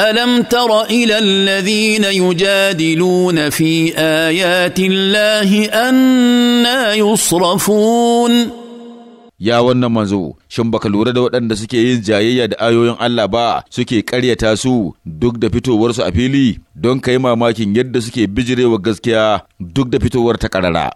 الم تر الى الذين يجادلون في ايات الله انا يصرفون ya wannan manzo shin baka lura da waɗanda suke yin jayayya da ayoyin Allah ba suke karyata su duk da fitowarsu a fili don ka yi mamakin yadda suke bijirewa gaskiya duk da fitowar ta ƙarara